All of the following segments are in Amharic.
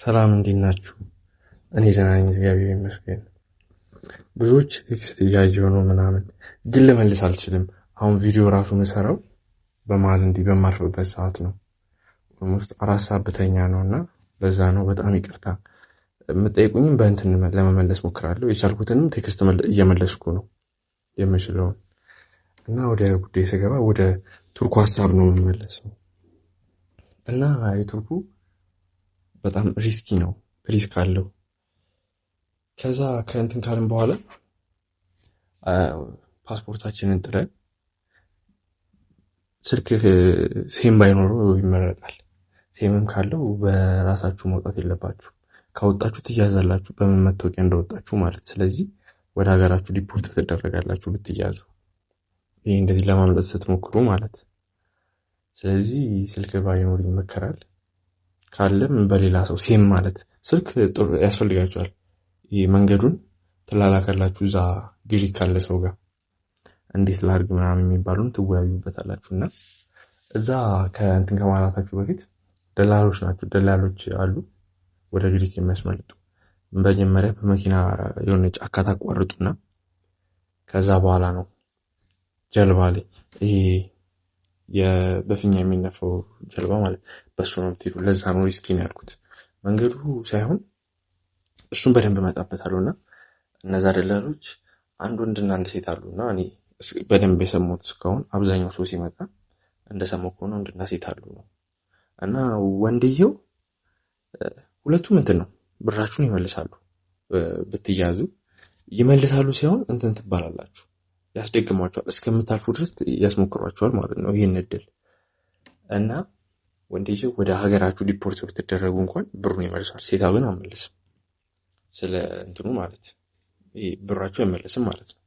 ሰላም እንዴት ናችሁ? እኔ ደህና ነኝ፣ እግዚአብሔር ይመስገን። ብዙዎች ቴክስት እያየሁ ነው ምናምን፣ ግን ልመልስ አልችልም። አሁን ቪዲዮ ራሱ የምሰራው በመሀል እንዲህ በማርፍበት ሰዓት ነው። ውስጥ አራት ሰዓት ብተኛ ነው እና በዛ ነው። በጣም ይቅርታ። የምጠይቁኝም በእንትን ለመመለስ ሞክራለሁ። የቻልኩትንም ቴክስት እየመለስኩ ነው የምችለውን እና ወደ ጉዳይ ስገባ ወደ ቱርኩ ሀሳብ ነው የምመለሰው እና የቱርኩ በጣም ሪስኪ ነው፣ ሪስክ አለው። ከዛ ከእንትን ካልን በኋላ ፓስፖርታችንን ጥለን ስልክ ሴም ባይኖረው ይመረጣል። ሴምም ካለው በራሳችሁ መውጣት የለባችሁ። ካወጣችሁ ትያዛላችሁ፣ በምን መታወቂያ እንደወጣችሁ ማለት። ስለዚህ ወደ ሀገራችሁ ዲፖርት ትደረጋላችሁ ብትያዙ፣ ይህ እንደዚህ ለማምለጥ ስትሞክሩ ማለት። ስለዚህ ስልክ ባይኖር ይመከራል። ካለም በሌላ ሰው ሴም ማለት ስልክ ጥሩ ያስፈልጋቸዋል። ይህ መንገዱን ትላላካላችሁ እዛ ግዢ ካለ ሰው ጋር እንዴት ላድርግ ምናምን የሚባሉን ትወያዩበታላችሁ። እና እዛ ከእንትን ከማላታችሁ በፊት ደላሎች ናቸው ደላሎች አሉ ወደ ግሪክ የሚያስመልጡ መጀመሪያ በመኪና የሆነ ጫካ ታቋርጡና ከዛ በኋላ ነው ጀልባ ላይ ይሄ በፊኛ የሚነፋው ጀልባ ማለት በእሱ ነው የምትሄዱ። ለዛ ነው ሪስኪ ነው ያልኩት መንገዱ ሳይሆን እሱን በደንብ እመጣበታለሁ እና እነዛ ደላሎች አንድ ወንድና አንድ ሴት አሉ እና እኔ በደንብ የሰሙት እስካሁን አብዛኛው ሰው ሲመጣ እንደሰማው ከሆነ ወንድና ሴት አሉ ነው እና ወንድየው ሁለቱም እንትን ነው ብራችሁን ይመልሳሉ ብትያዙ ይመልሳሉ ሲሆን እንትን ትባላላችሁ ያስደግሟቸዋል። እስከምታልፉ ድረስ ያስሞክሯቸዋል ማለት ነው ይህን እድል እና ወንዴጅ ወደ ሀገራችሁ ዲፖርት ብትደረጉ እንኳን ብሩን ይመልሷል። ሴታ ግን አመልስም ስለ እንትኑ ማለት ብራቸው አይመለስም ማለት ነው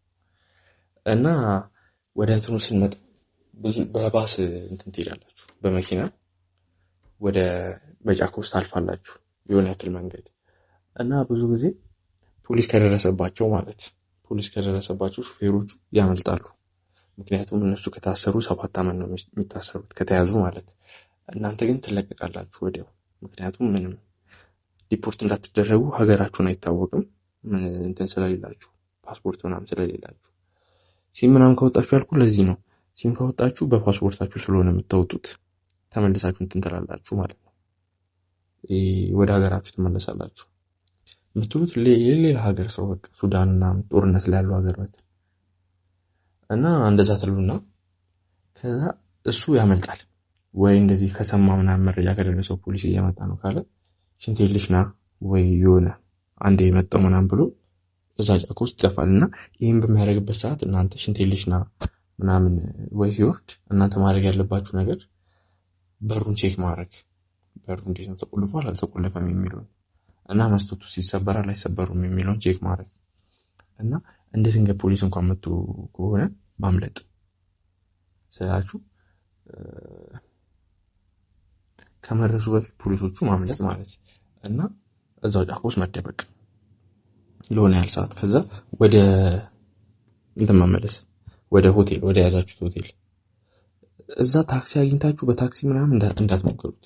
እና ወደ እንትኑ ስንመጣ ብዙ በባስ እንትን ትሄዳላችሁ፣ በመኪና ወደ በጫካ ውስጥ ታልፋላችሁ የሆነ ያክል መንገድ እና ብዙ ጊዜ ፖሊስ ከደረሰባቸው ማለት ፖሊስ ከደረሰባቸው ሹፌሮቹ ያመልጣሉ። ምክንያቱም እነሱ ከታሰሩ ሰባት ዓመት ነው የሚታሰሩት ከተያዙ ማለት። እናንተ ግን ትለቀቃላችሁ ወዲያው። ምክንያቱም ምንም ዲፖርት እንዳትደረጉ ሀገራችሁን አይታወቅም እንትን ስለሌላችሁ ፓስፖርት ምናምን ስለሌላችሁ። ሲም ምናምን ካወጣችሁ ያልኩ ለዚህ ነው። ሲም ካወጣችሁ በፓስፖርታችሁ ስለሆነ የምታወጡት ተመልሳችሁ እንትን ትላላችሁ ማለት ነው። ወደ ሀገራችሁ ትመለሳላችሁ። የምትሉት የሌላ ሀገር ሰው በቃ ሱዳን ምናምን ጦርነት ላይ ያሉ ሀገራት እና እንደዛ ትሉና ከዛ እሱ ያመልጣል ወይ እንደዚህ ከሰማ ምናምን መረጃ ከደረሰው ፖሊስ እየመጣ ነው ካለ ሽንት ወይ የሆነ አንዴ የመጣው ምናምን ብሎ እዛ ጫካ ውስጥ ይጠፋል እና ይህም በሚያደርግበት ሰዓት እናንተ ሽንት የለሽ ምናምን ወይ ሲወርድ እናንተ ማድረግ ያለባችሁ ነገር በሩን ቼክ ማድረግ በሩ እንዴት ነው ተቆልፏል አልተቆለፈም የሚለውን እና መስታወቱስ ይሰበራል አይሰበሩም የሚለውን ቼክ ማድረግ እና እንደ ድንገት ፖሊስ እንኳን መጥቶ ከሆነ ማምለጥ ስላችሁ ከመድረሱ በፊት ፖሊሶቹ ማምለጥ ማለት እና እዛው ጫካ ውስጥ መደበቅ ለሆነ ያህል ሰዓት ከዛ ወደ እንትን መመለስ ወደ ሆቴል ወደ ያዛችሁት ሆቴል እዛ ታክሲ አግኝታችሁ በታክሲ ምናምን እንዳትሞክሩት።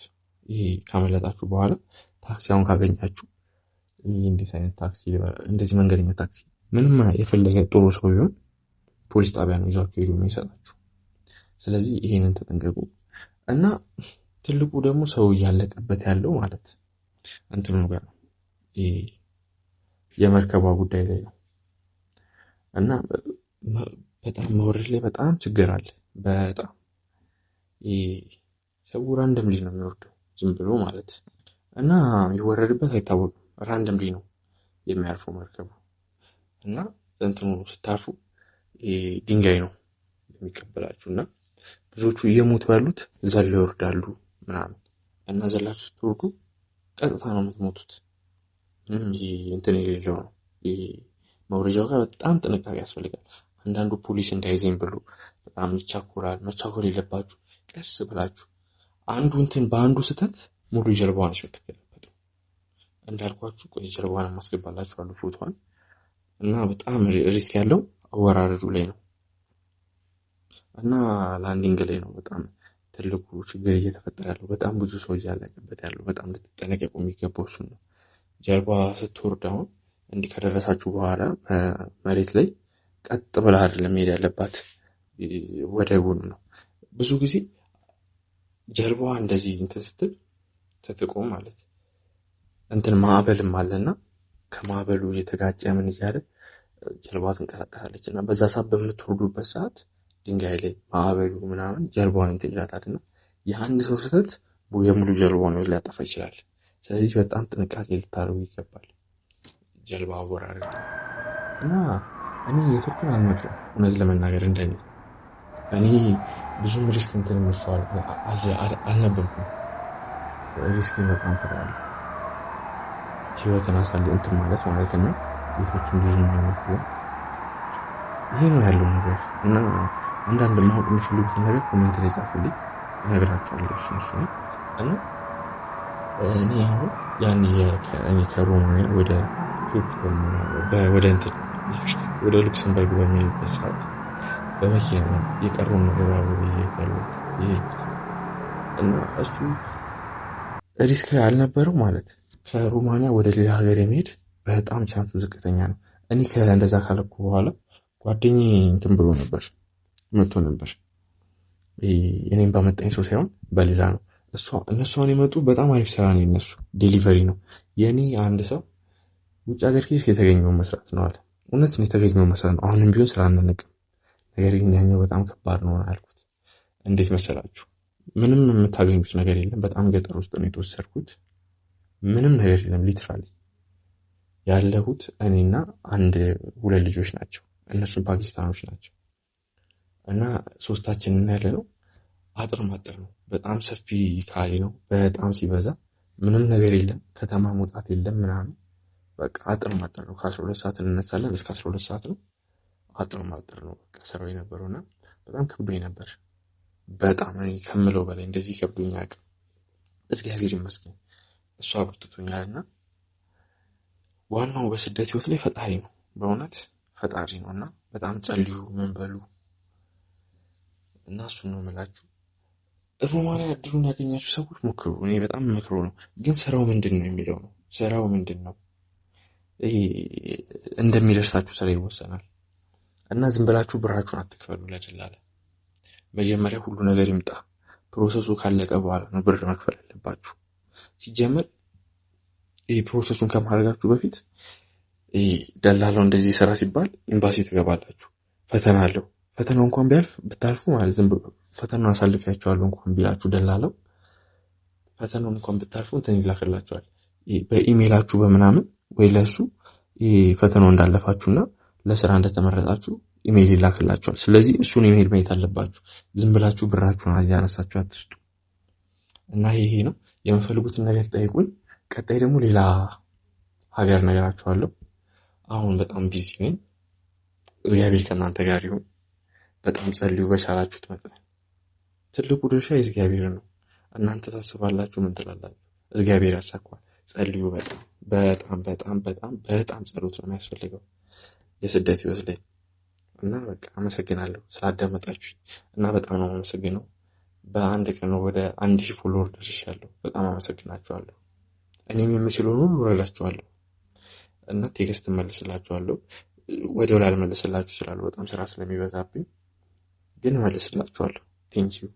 ይሄ ካመለጣችሁ በኋላ ታክሲ አሁን ካገኛችሁ እንዴት አይነት ታክሲ እንደዚህ መንገደኛ ታክሲ ምንም የፈለገ ጥሩ ሰው ቢሆን ፖሊስ ጣቢያ ነው ይዟቸው ሄዱ የሚሰጣችሁ። ስለዚህ ይሄንን ተጠንቀቁ እና ትልቁ ደግሞ ሰው እያለቀበት ያለው ማለት እንትኑ ጋር ነው የመርከቧ ጉዳይ ላይ ነው እና በጣም መውረድ ላይ በጣም ችግር አለ። በጣም ሰው ራንደም ነው የሚወርደው ዝም ብሎ ማለት እና ይወረድበት አይታወቅም። ራንደምሊ ነው የሚያርፈው መርከቡ እና እንትኑ ስታርፉ ድንጋይ ነው የሚቀበላችሁ እና ብዙዎቹ እየሞቱ ያሉት ዘለው ይወርዳሉ ምናምን እና ዘላችሁ ስትወርዱ ቀጥታ ነው የምትሞቱት። እንትን የሌለው ነው። መውረጃው ጋር በጣም ጥንቃቄ ያስፈልጋል። አንዳንዱ ፖሊስ እንዳይዘኝ ብሎ በጣም ይቻኮራል። መቻኮር የለባችሁ፣ ቀስ ብላችሁ አንዱ እንትን በአንዱ ስህተት ሙሉ ጀልባዋን እንዳልኳችሁ ቆይ ጀርባዋን አስገባላችኋለሁ ፎቶዋን እና በጣም ሪስክ ያለው አወራረዱ ላይ ነው እና ላንዲንግ ላይ ነው በጣም ትልቁ ችግር እየተፈጠረ ያለው። በጣም ብዙ ሰው እያለቀበት ያለው በጣም ልትጠነቀቁ የሚገባው ነው። ጀርባ ስትወርድ አሁን እንዲህ ከደረሳችሁ በኋላ መሬት ላይ ቀጥ ብላ አይደለም መሄድ ያለባት፣ ወደ ጎን ነው። ብዙ ጊዜ ጀርባዋ እንደዚህ እንትን ስትል ትጥቁ ማለት እንትን ማዕበልም አለና ከማዕበሉ እየተጋጨ ምን እያለ ጀልባዋ ትንቀሳቀሳለች እና በዛ ሰዓት በምትወርዱበት ሰዓት ድንጋይ ላይ ማዕበሉ ምናምን ጀልባዋን እንትን ይላታል እና የአንድ ሰው ስህተት የሙሉ ጀልባውን ሊያጠፋ ይችላል። ስለዚህ በጣም ጥንቃቄ ልታደርጉ ይገባል። ጀልባ አወራር እና እኔ የቱርክን አልመክርም እውነት ለመናገር እንደኔ እኔ ብዙም ሪስክ እንትን ምሰዋል አልነበርኩም ሪስክ በጣም ፈራለሁ። ህይወትን አሳል እንትን ማለት ማለት ነው ቤቶችን ብዙ ማይመክሩ ይሄ ነው ያለው ነገር እና አንዳንድ ማወቅ የሚፈልጉት ነገር ኮሜንት ላይ ጻፉልኝ፣ እነግራቸዋለሁ። እሱ እሱ እና እኔ አሁን ያን እኔ ከሮማውያን ወደ ወደ እንትን ወደ ሉክሰምበርግ በሚሄድበት ሰዓት በመኪና ነው የቀረውን ነው በባቡር ይሄድኩት እና እሱ ሪስክ አልነበረው ማለት ከሩማንያ ወደ ሌላ ሀገር የሚሄድ በጣም ቻንሱ ዝቅተኛ ነው። እኔ ከእንደዛ ካለኩ በኋላ ጓደኛዬ እንትን ብሎ ነበር መቶ ነበር። እኔም ባመጣኝ ሰው ሳይሆን በሌላ ነው። እነሱ አሁን የመጡ በጣም አሪፍ ስራ ነው የነሱ ዴሊቨሪ ነው። የእኔ አንድ ሰው ውጭ ሀገር ከሄድክ የተገኘው መስራት ነው አለ። እውነት ነው የተገኘው መስራት ነው። አሁንም ቢሆን ስራ አንነቅም፣ ነገር ግን ያኛው በጣም ከባድ ነው አልኩት። እንዴት መሰላችሁ? ምንም የምታገኙት ነገር የለም። በጣም ገጠር ውስጥ ነው የተወሰድኩት። ምንም ነገር የለም። ሊትራሊ ያለሁት እኔና አንድ ሁለት ልጆች ናቸው። እነሱም ፓኪስታኖች ናቸው እና ሶስታችን ያለ ነው። አጥር ማጥር ነው። በጣም ሰፊ ካሌ ነው። በጣም ሲበዛ ምንም ነገር የለም። ከተማ መውጣት የለም ምናምን በቃ አጥር ማጥር ነው። ከአስራ ሁለት ሰዓት እንነሳለን እስከ አስራ ሁለት ሰዓት ነው። አጥር ማጥር ነው በቃ የነበረው እና በጣም ከብዶኝ ነበር። በጣም ከምለው በላይ እንደዚህ ከብዶኝ አያውቅም። እግዚአብሔር ይመስገን። እሱ አብርትቶኛል እና ዋናው በስደት ህይወት ላይ ፈጣሪ ነው። በእውነት ፈጣሪ ነው እና በጣም ጸልዩ፣ መንበሉ እና እሱን ነው የምላችሁ። ሮማ ላይ እድሉን ያገኛችሁ ሰዎች ሞክሩ። እኔ በጣም መክሮ ነው። ግን ስራው ምንድን ነው የሚለው ነው። ስራው ምንድን ነው ይሄ እንደሚደርሳችሁ ስራ ይወሰናል። እና ዝም ብላችሁ ብራችሁን አትክፈሉ ለድላለ መጀመሪያ ሁሉ ነገር ይምጣ። ፕሮሰሱ ካለቀ በኋላ ነው ብር መክፈል ያለባችሁ። ሲጀመር ፕሮሰሱን ከማድረጋችሁ በፊት ደላለው ደላላው እንደዚህ ስራ ሲባል ኤምባሲ ትገባላችሁ። ፈተና አለው። ፈተናው እንኳን ቢያልፍ ብታልፉ ማለት ዝም ብሎ ፈተናውን አሳልፊያችኋለሁ እንኳን ቢላችሁ ደላላው ፈተናውን እንኳን ብታልፉ እንትን ይላክላቸዋል በኢሜይላችሁ በምናምን ወይ ለሱ ፈተናው እንዳለፋችሁና ለስራ እንደተመረጣችሁ ኢሜይል ይላክላቸዋል። ስለዚህ እሱን ኢሜይል ማየት አለባችሁ። ዝም ብላችሁ ብራችሁን እያነሳችሁ አትስጡ እና ይሄ ነው። የምፈልጉትን ነገር ጠይቁኝ። ቀጣይ ደግሞ ሌላ ሀገር ነገራችኋለሁ። አሁን በጣም ቢዚ ነኝ። እግዚአብሔር ከእናንተ ጋር ይሁን። በጣም ጸልዩ በቻላችሁት መጠን። ትልቁ ድርሻ የእግዚአብሔር ነው። እናንተ ታስባላችሁ፣ ምን ትላላችሁ? እግዚአብሔር ያሳኳል። ጸልዩ። በጣም በጣም በጣም በጣም በጣም ጸሎት ነው የሚያስፈልገው የስደት ህይወት ላይ እና በቃ አመሰግናለሁ ስላዳመጣችሁ እና በጣም ነው አመሰግነው። በአንድ ቀን ወደ አንድ ሺህ ፎሎወር ደርሻለሁ። በጣም አመሰግናችኋለሁ። እኔም የምችለውን ሁሉ እረዳችኋለሁ እና ቴክስት እመልስላችኋለሁ። ወዲያው ላልመልስላችሁ እችላለሁ፣ በጣም ስራ ስለሚበዛብኝ ግን መልስላችኋለሁ። ቴንኪዩ